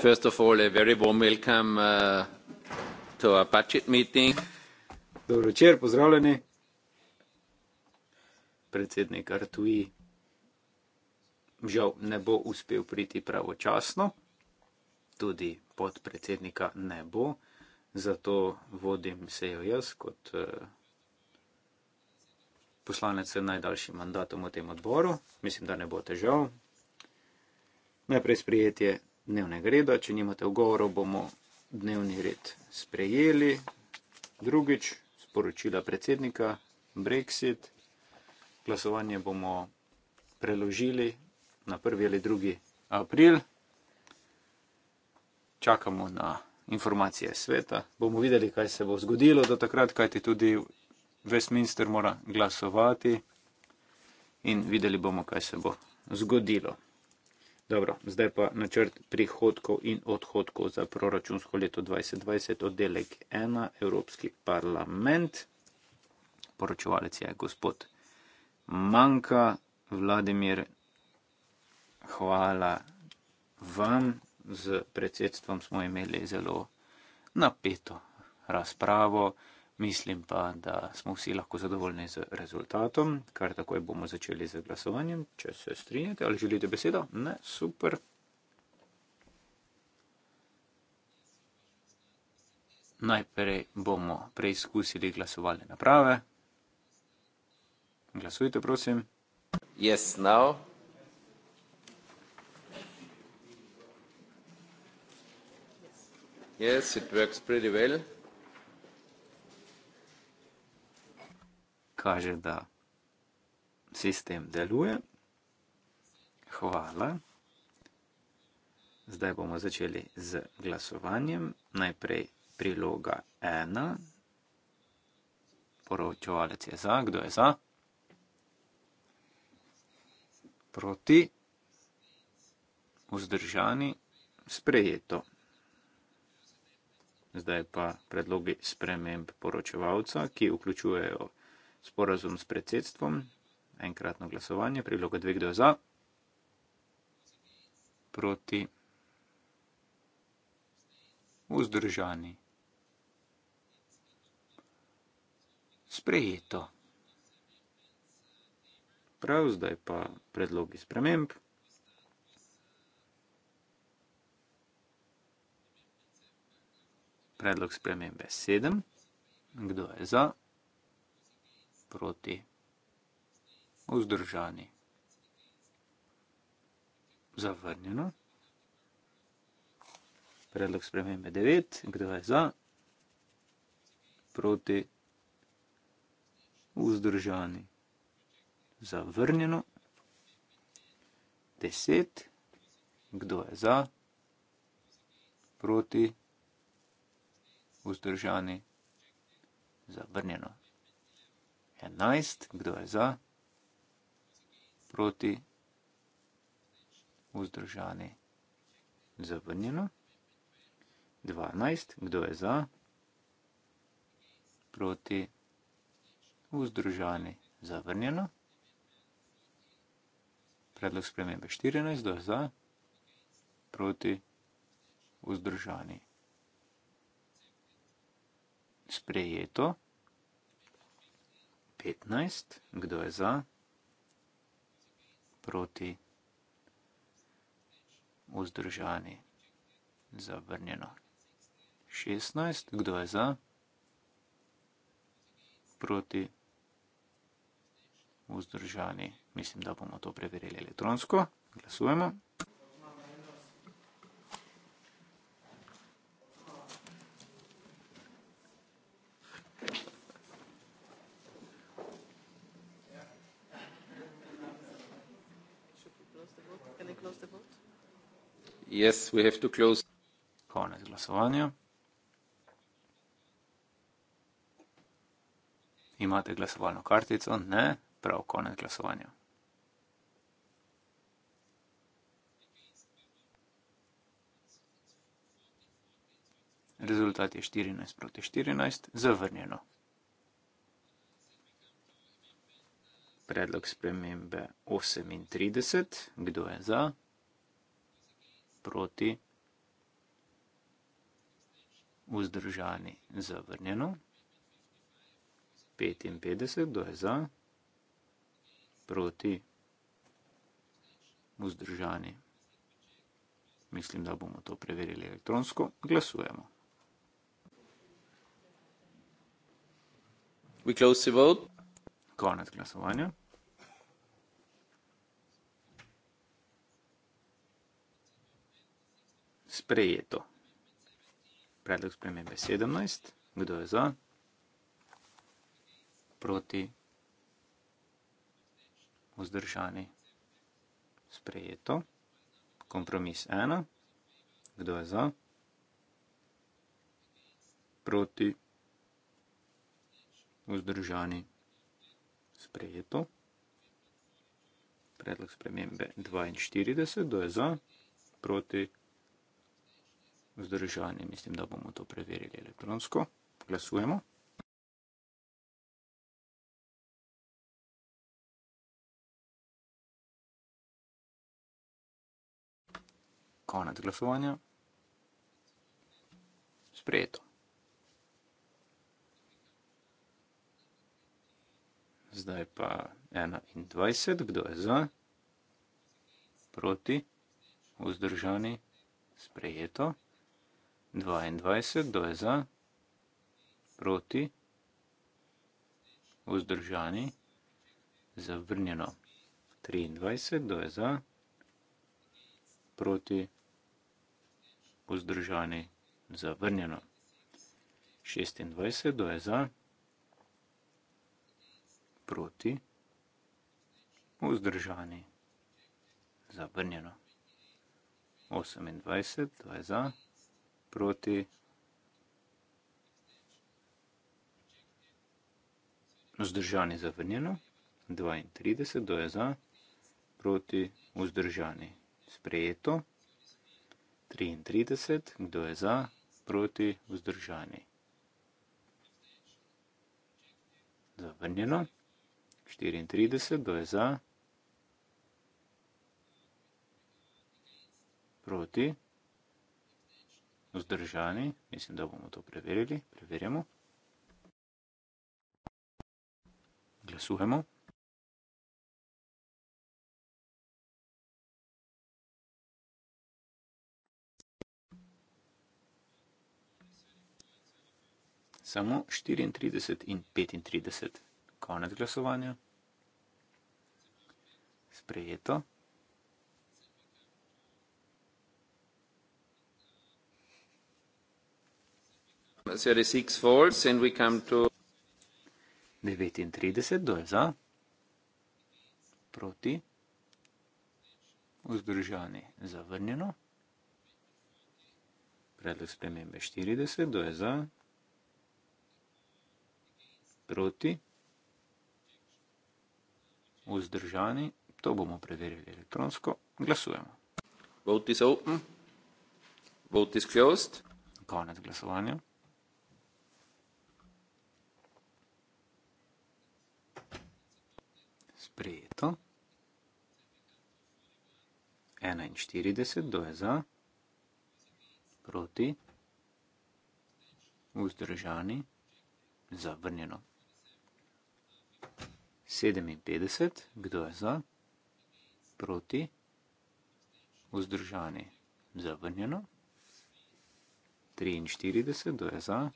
First of all, a very warm welcome uh, to our budget meeting. Dobro večer, pozdravljeni. Predsednik Artui žal ne bo uspel priti pravočasno, tudi podpredsednika ne bo, zato vodim sejo jaz kot uh, poslanec s najdaljšim mandatom v tem odboru. Mislim, da ne bo težav. Najprej sprejetje dnevnega reda. Če nimate ogovorov, bomo dnevni red sprejeli. Drugič, sporočila predsednika, Brexit. Glasovanje bomo preložili na 1. ali 2. april. Čakamo na informacije sveta. Bomo videli, kaj se bo zgodilo do takrat, kajti tudi Westminster mora glasovati in videli bomo, kaj se bo zgodilo. Dobro, zdaj pa načrt prihodkov in odhodkov za proračunsko leto 2020, oddelek 1, Evropski parlament. Poročevalec je gospod Manka, Vladimir. Hvala vam, z predsedstvom smo imeli zelo napeto razpravo mislim pa, da smo vsi lahko zadovoljni z rezultatom, kar takoj bomo začeli z glasovanjem. Če se strinjate ali želite besedo, ne, super. Najprej bomo preizkusili glasovalne naprave. Glasujte, prosim. Yes, now. Yes, it works pretty well. kaže, da sistem deluje. Hvala. Zdaj bomo začeli z glasovanjem. Najprej priloga ena. Poročevalec je za, kdo je za? Proti, vzdržani, sprejeto. Zdaj pa predlogi sprememb poročevalca, ki vključujejo sporazum s predsedstvom, enkratno glasovanje, priloga dve, kdo je za, proti, vzdržani. Sprejeto. Prav, zdaj pa predlogi sprememb. Predlog spremembe 7. Kdo je za? proti, vzdržani. Zavrnjeno. Predlog spremembe 9, kdo je za, proti, vzdržani. Zavrnjeno. 10, kdo je za, proti, vzdržani. Zavrnjeno. 11, kdo je za, proti, vzdržani, zavrnjeno. 12, kdo je za, proti, vzdržani, zavrnjeno. Predlog spremembe 14, kdo je za, proti, vzdržani. Sprejeto. 15. Kdo je za? Proti? Vzdržani? Zavrnjeno. 16. Kdo je za? Proti? Vzdržani? Mislim, da bomo to preverili elektronsko. Glasujemo. Yes, we have to close. Konec glasovanja. Imate glasovalno kartico? Ne, prav konec glasovanja. Rezultat je 14 proti 14, zavrnjeno. Predlog spremembe 38, kdo je za? proti, vzdržani, zavrnjeno, 55, kdo je za, proti, vzdržani, mislim, da bomo to preverili elektronsko, glasujemo. We close the vote. Konec glasovanja. sprejeto. Predlog spremembe 17. Kdo je za? Proti? Vzdržani? Sprejeto. Kompromis 1. Kdo je za? Proti? Vzdržani? Sprejeto. Predlog spremembe 42. Kdo je za? Proti? Vzdržani? Sprejeto vzdržani. Mislim, da bomo to preverili elektronsko. Glasujemo. Konec glasovanja. Sprejeto. Zdaj pa 21. Kdo je za? Proti? Vzdržani? Sprejeto. Sprejeto. 22, kdo je za, proti, vzdržani, zavrnjeno. 23, kdo je za, proti, vzdržani, zavrnjeno. 26, kdo je za, proti, vzdržani, zavrnjeno. 28, kdo je za, proti, vzdržani, zavrnjeno proti vzdržani zavrnjeno, 32, do je za, proti vzdržani sprejeto, 33, kdo je za, proti vzdržani zavrnjeno, 34, kdo je za, proti vzdržani vzdržani. Mislim, da bomo to preverili. Preverjamo. Glasujemo. Samo 34 in 35. Konec glasovanja. Sprejeto. 39 do je za, proti, vzdržani zavrnjeno, predlog spremembe 40 do je za, proti, vzdržani, to bomo preverili elektronsko, glasujemo. Vote is open, vote is closed. Konec glasovanja. sprejeto. 41, kdo je za, proti, vzdržani, zavrnjeno. 57, kdo je za, proti, vzdržani, zavrnjeno. 43, kdo je za,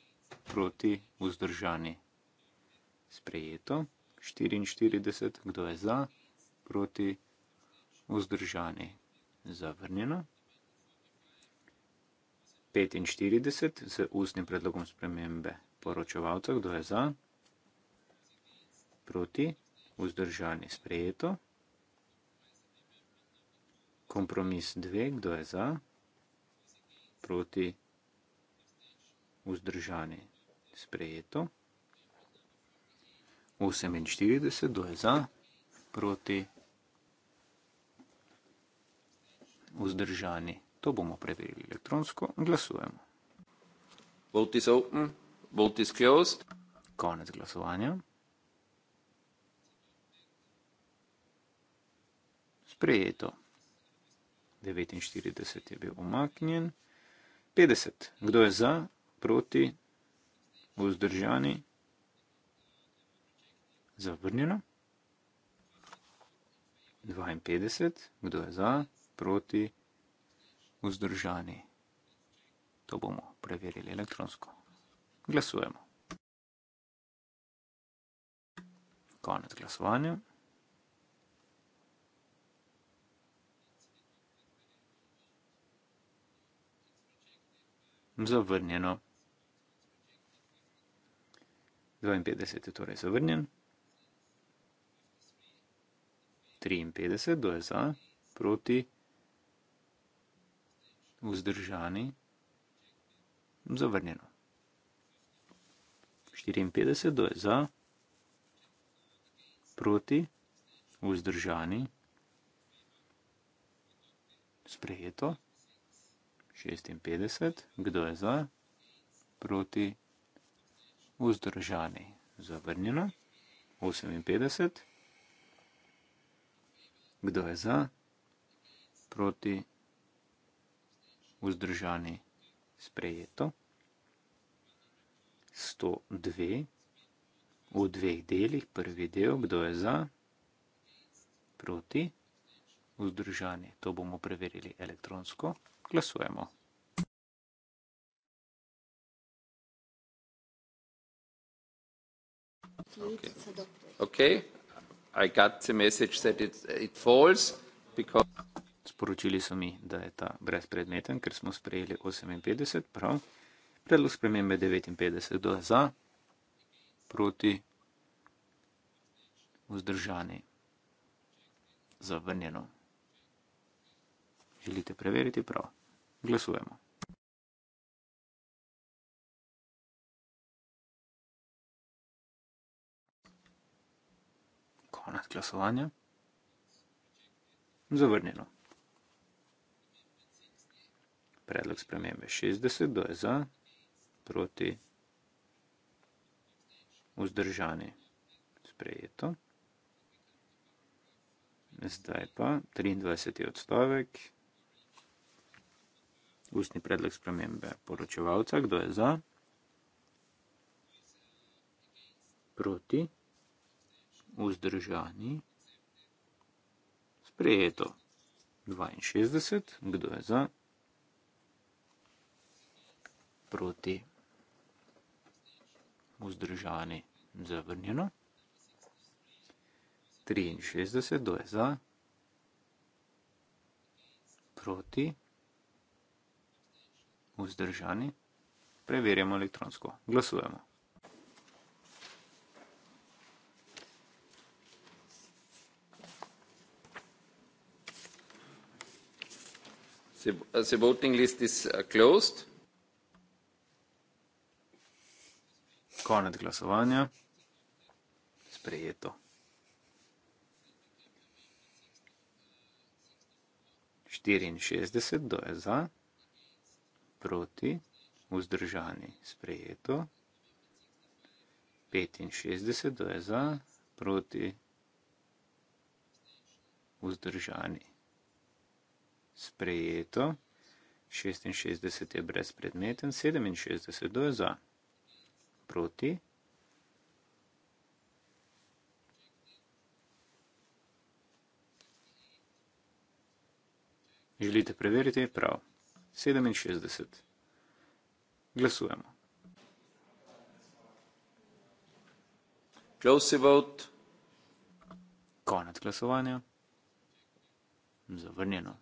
proti, vzdržani, sprejeto. 44, kdo je za, proti, vzdržani, zavrnjeno. 45 z ustnim predlogom spremembe poročevalca, kdo je za, proti, vzdržani, sprejeto. Kompromis 2, kdo je za, proti, vzdržani, sprejeto. 48, kdo je za, proti vzdržani. To bomo preverili elektronsko. Glasujemo. Vote is open, vote is closed. Konec glasovanja. Sprejeto. 49 je bil umaknjen. 50. Kdo je za, proti, vzdržani? zavrnjeno. 52, kdo je za, proti, vzdržani. To bomo preverili elektronsko. Glasujemo. Konec glasovanja. Zavrnjeno. 52 je torej zavrnjen. 53 do je za, proti vzdržani, zavrnjeno. 54 do je za, proti vzdržani, sprejeto. 56, kdo je za, proti vzdržani, zavrnjeno. 58. Kdo je za, proti, vzdržani, sprejeto. 102 v dveh delih, prvi del, kdo je za, proti, vzdržani. To bomo preverili elektronsko. Glasujemo. Okay. Okay. I got the message that it, it falls because... Sporočili so mi, da je ta brezpredmeten, ker smo sprejeli 58, prav. Predlog spremembe 59 do za, proti vzdržani, zavrnjeno. Želite preveriti prav? Glasujemo. konec glasovanja. Zavrnjeno. Predlog spremembe 60, kdo je za, proti, vzdržani, sprejeto. Zdaj pa 23. odstavek, ustni predlog spremembe poročevalca, kdo je za, proti, vzdržani vzdržani. Sprejeto. 62. Kdo je za? Proti. Vzdržani. Zavrnjeno. 63. Kdo je za? Proti. Vzdržani. Preverjamo elektronsko. Glasujemo. Uh, the voting list is uh, closed. Konec glasovanja. Sprejeto. 64 do je za, proti, vzdržani. Sprejeto. 65 do je za, proti, vzdržani sprejeto. 66 je brezpredmeten, 67 je za. Proti. Želite preveriti? Prav. 67. Glasujemo. Close vote. Konec glasovanja. Zavrnjeno.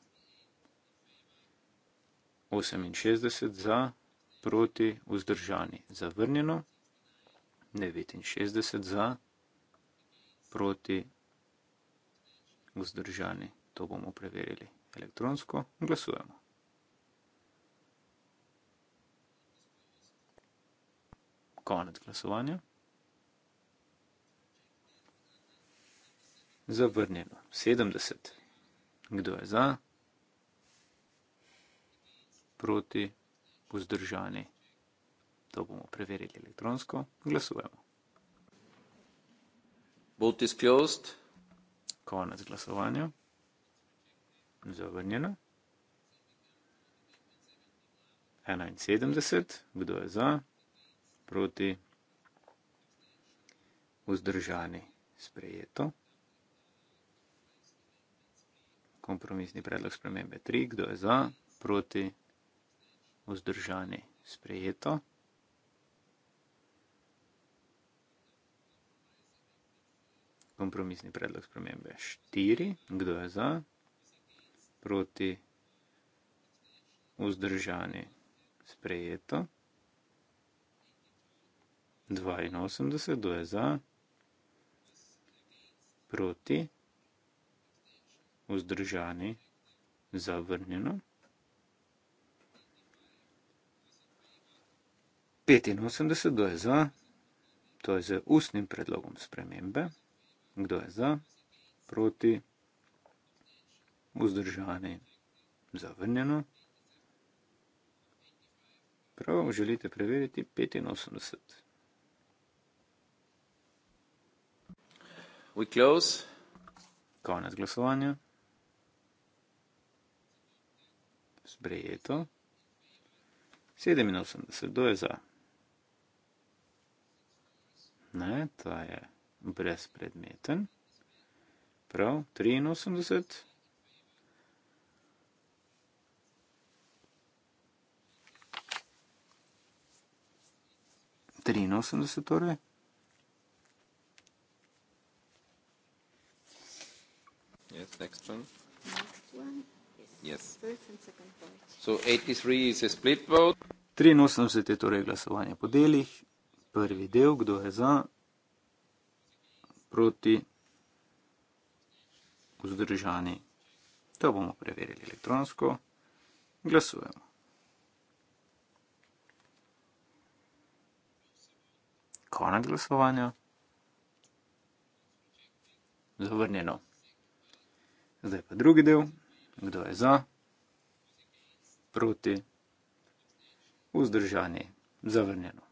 68 za, proti, vzdržani, zavrnjeno, 69 za, proti, vzdržani, to bomo preverili elektronsko, glasujemo. Konec glasovanja. Zavrnjeno, 70. Kdo je za? proti, vzdržani. To bomo preverili elektronsko. Glasujemo. Bot is closed. Konec glasovanja. Zavrnjeno. 71, kdo je za, proti, vzdržani, sprejeto. Kompromisni predlog spremembe 3, kdo je za, proti, vzdržani vzdržani, sprejeto. Kompromisni predlog spremembe 4, kdo je za, proti, vzdržani, sprejeto. 82, kdo je za, proti, vzdržani, zavrnjeno. 85, kdo je za, to je z ustnim predlogom spremembe, kdo je za, proti, vzdržani, zavrnjeno. Prav, želite preveriti 85. We close. Konec glasovanja. Sprejeto. 87, kdo je za? ne, ta je brezpredmeten. Prav, 83. Trinosemdeset torej. Yes, next one. Yes. 83 je torej glasovanje po delih, prvi del, kdo je za, proti, vzdržani. To bomo preverili elektronsko. Glasujemo. Konec glasovanja. Zavrnjeno. Zdaj pa drugi del, kdo je za, proti, vzdržani, zavrnjeno.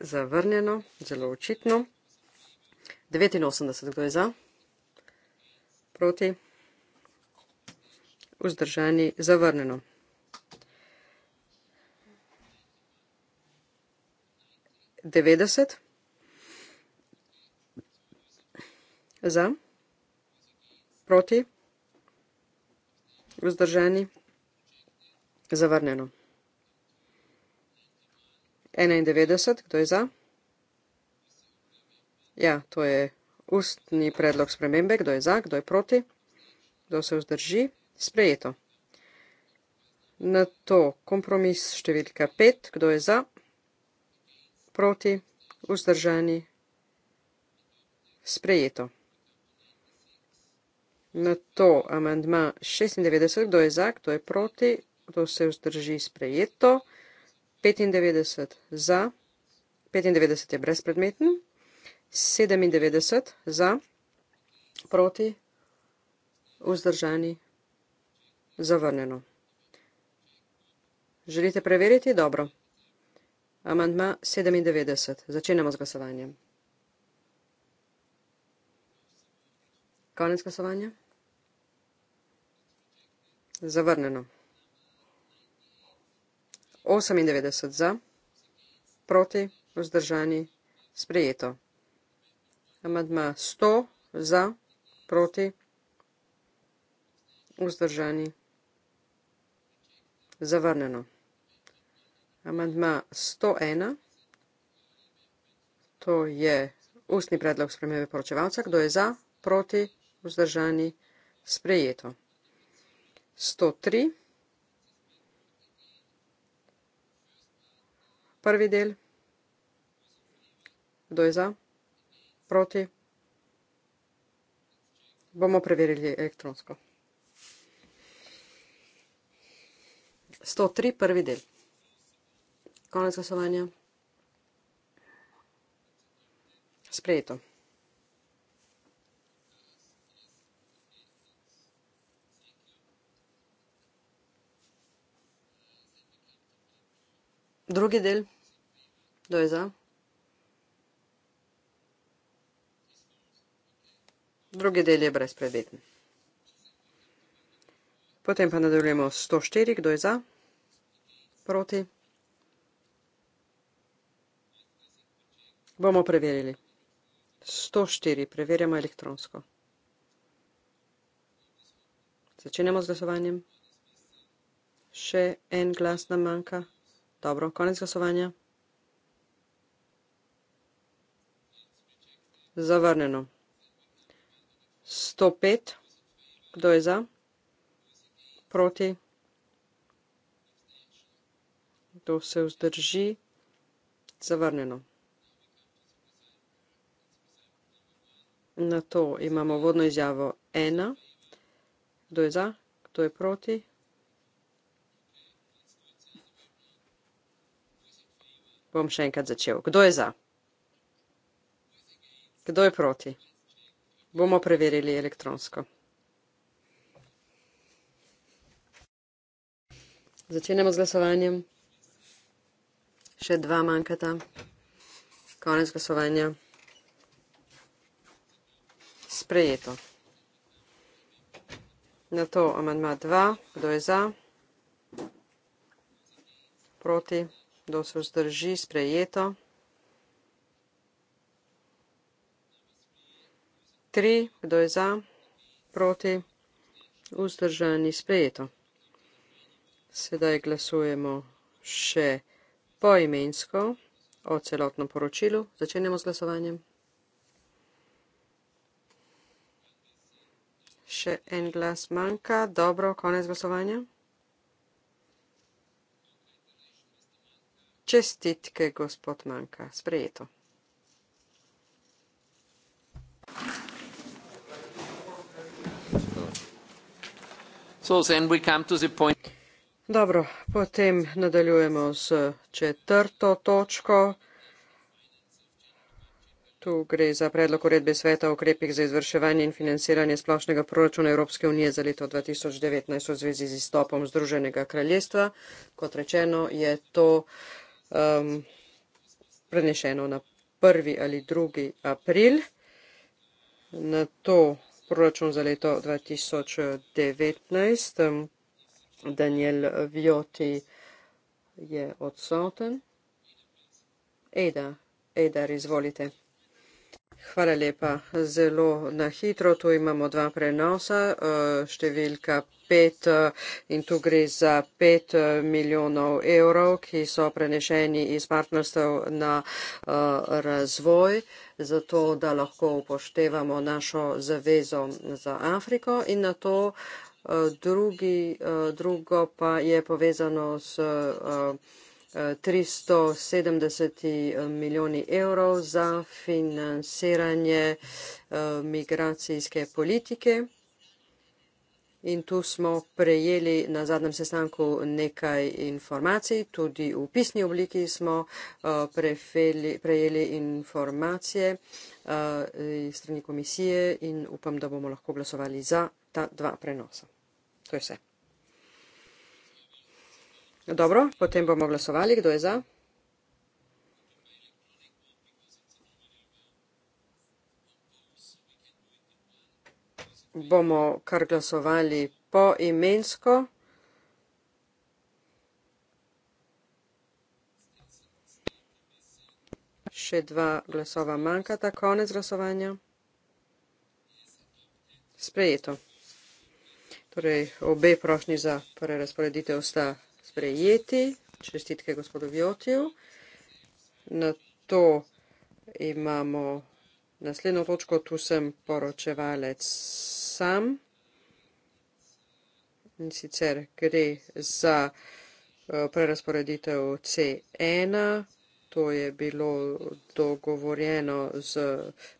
zavrnjeno, zelo očitno. 89, kdo je za? Proti? Vzdržani, zavrnjeno. Devetdeset za, proti, vzdržani, zavrnjeno. 91, kdo je za? Ja, to je ustni predlog spremembe, kdo je za, kdo je proti, kdo se vzdrži, sprejeto. Na to kompromis številka 5, kdo je za, proti, vzdržani, sprejeto. Na to amandma 96, kdo je za, kdo je proti, kdo se vzdrži, sprejeto petindevetdeset za, petindevetdeset je brezpredmeten, sedemindevetdeset za, proti, vzdržani, zavrnjeno. Želite preveriti? Dobro. Amandma sedemindevetdeset. Začenjamo z glasovanjem. Konec glasovanja. Zavrnjeno osemindevetdeset za proti vzdržani sprejeto amandma sto za proti vzdržani zavrnjeno amandma sto ena to je ustni predlog spremembe poročevalca kdo je za proti vzdržani sprejeto sto tri prvi del, kdo je za, proti. Bomo preverili elektronsko. 103, prvi del. Konec glasovanja. Sprejeto. Drugi del. Kdo je za? Drugi del je brezpredeten. Potem pa nadaljujemo 104. Kdo je za? Proti. Bomo preverili. 104. Preverjamo elektronsko. Začenjamo z glasovanjem. Še en glas nam manjka. Dobro, konec glasovanja. Zavrnjeno. 105. Kdo je za? Proti. Kdo se vzdrži? Zavrnjeno. Na to imamo vodno izjavo 1. Kdo je za? Kdo je proti? Bom še enkrat začel. Kdo je za? Kdo je proti? Bomo preverili elektronsko. Začenjamo z glasovanjem. Še dva manjkata. Konec glasovanja. Sprejeto. Na to amandma 2. Kdo je za? Proti. Kdo se vzdrži sprejeto? Tri, kdo je za, proti, vzdržani sprejeto. Sedaj glasujemo še poimensko o celotnem poročilu. Začenjamo z glasovanjem. Še en glas manjka. Dobro, konec glasovanja. Čestitke, gospod Manka. Sprejeto. Dobro, potem nadaljujemo s četrto točko. Tu gre za predlog uredbe sveta o ukrepih za izvrševanje in financiranje splošnega proračuna Evropske unije za leto 2019 v zvezi z izstopom Združenega kraljestva. Kot rečeno, je to um, prenešeno na 1. ali 2. april. Na to proračun za leto 2019. Um, Daniel Vioti je odsoten. Eda, Eda, izvolite. Hvala lepa. Zelo na hitro. Tu imamo dva prenosa. Eh, številka pet eh, in tu gre za pet eh, milijonov evrov, ki so prenešeni iz partnerstv na razvoj zato da lahko upoštevamo našo zavezo za Afriko in na to drugi, drugo pa je povezano s 370 eh, milijoni evrov za financiranje eh, migracijske politike. In tu smo prejeli na zadnjem sestanku nekaj informacij, tudi v pisni obliki smo eh, prejeli informacije iz strani komisije in upam, da bomo lahko glasovali za ta dva prenosa. To je vse. No, dobro, potem bomo glasovali, kdo je za. Bomo kar glasovali po imensko. Še dva glasova manjkata, konec glasovanja. Sprejeto. Torej, obe prošnji za prerasporeditev sta sprejeti. Čestitke gospodu Vjotiju. Na to imamo naslednjo točko, tu sem poročevalec sam. In sicer gre za eh, prerasporeditev C1. To je bilo dogovorjeno z,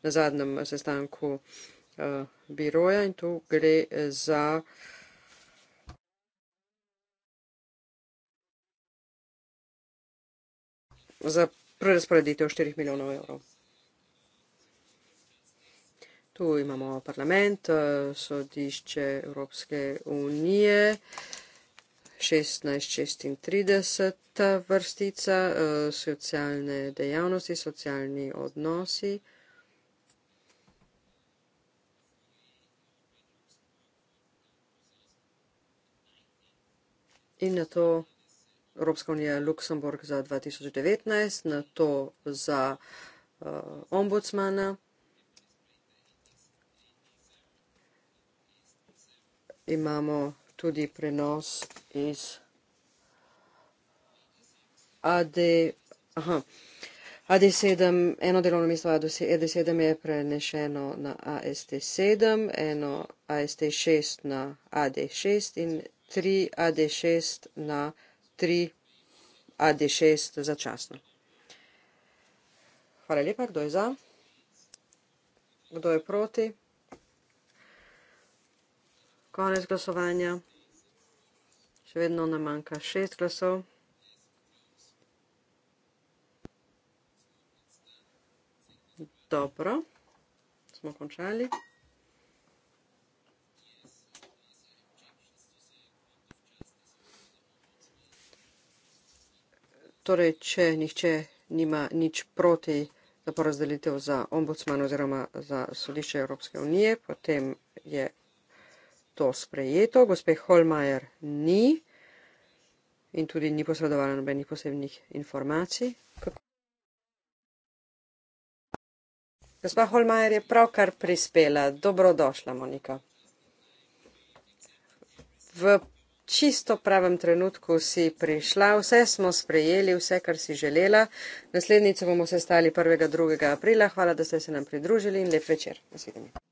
na zadnjem sestanku uh, biroja in tu gre za uh, za prerasporeditev 4 milijonov evrov. Tu imamo parlament, eh, sodišče Evropske unije, 16.36 eh, vrstica, eh, socialne dejavnosti, socialni odnosi. In na to Evropska unija Luksemburg za 2019, na to za uh, ombudsmana. Imamo tudi prenos iz AD. Aha. AD7, eno delovno mesto AD7 e je prenešeno na AST7, eno AST6 na AD6 in tri AD6 na AD6 tri, adi šest začasno. Hvala lepa, kdo je za, kdo je proti. Konec glasovanja. Še vedno nam manjka šest glasov. Dobro, smo končali. torej, če nihče nima nič proti za porazdelitev za ombudsman oziroma za sodišče Evropske unije, potem je to sprejeto. Gospe Holmajer ni in tudi ni posredovala nobenih posebnih informacij. Gospa Holmajer je pravkar prispela. Dobrodošla, Monika. V čisto pravem trenutku si prišla, vse smo sprejeli, vse, kar si želela. Naslednjico bomo sestali 1. in 2. aprila. Hvala, da ste se nam pridružili in lep večer. Naslednji.